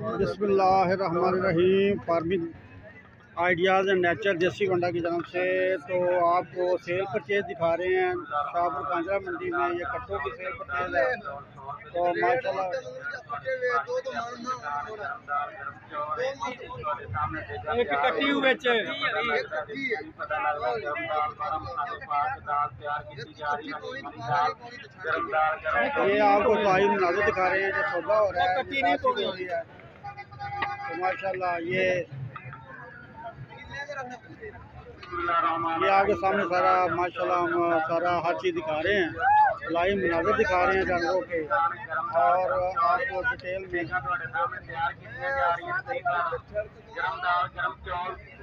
बसमीम farming ideas and nature देसी गंडा की जानब से तो आपको सेल परचेज दिखा रहे हैं शाहपुर कांजरा मंडी में ये कट्टों की सेल परचेज है तो माशा एक कट्टी हुए ये आपको दिखा रहे हैं जो सौदा हो रहा है तो माशाल्लाह ये ये आगे सामने सारा माशाल्लाह हम सारा हर चीज़ दिखा रहे हैं लाइव मुनाजर दिखा रहे हैं जानवरों के और आपको डिटेल में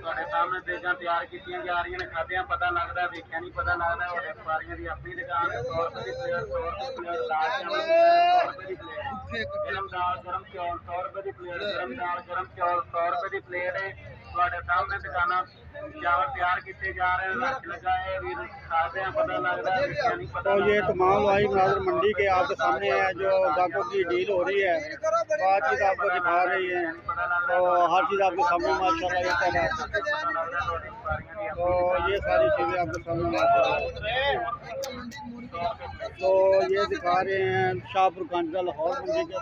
ਤੁਹਾਡੇ ਸਾਹਮਣੇ ਤੇਜ਼ਾਂ ਤਿਆਰ ਕੀਤੀਆਂ ਜਾ ਰਹੀਆਂ ਨੇ ਖਾਦਿਆਂ ਪਤਾ ਲੱਗਦਾ ਵੇਖਿਆ ਨਹੀਂ ਪਤਾ ਲੱਗਦਾ ਤੁਹਾਡੇ ਵਪਾਰੀਆਂ ਦੀ ਆਪਣੀ ਦੁਕਾਨ ਹੈ 100 ਰੁਪਏ ਦੀ ਪਲੇਟ 100 ਰੁਪਏ ਦੀ 100 ਰੁਪਏ ਦੀ ਪਲੇਟ ਗਰਮ ਦਾਲ ਗਰਮ ਚੌਲ 100 ਰੁਪਏ ਦੀ ਪਲੇਟ ਗਰਮ ਦਾਲ ਗਰਮ ਚੌਲ 100 ਰੁਪਏ ਦੀ ਪਲੇਟ ਹੈ ਤੁਹਾਡੇ ਸਾਹਮਣੇ ਦੁਕਾਨਾਂ तो, तो ये तमाम वाई मुनाजर मंडी के आपके सामने है जो गाकों की डील हो रही है हर चीज़ आपको दिखा रही है तो हर चीज़ आपके सामने माशा ये चल है तो ये सारी चीज़ें आपके सामने माशा तो ये दिखा रहे हैं शाहपुर गंज लाहौर मंडी के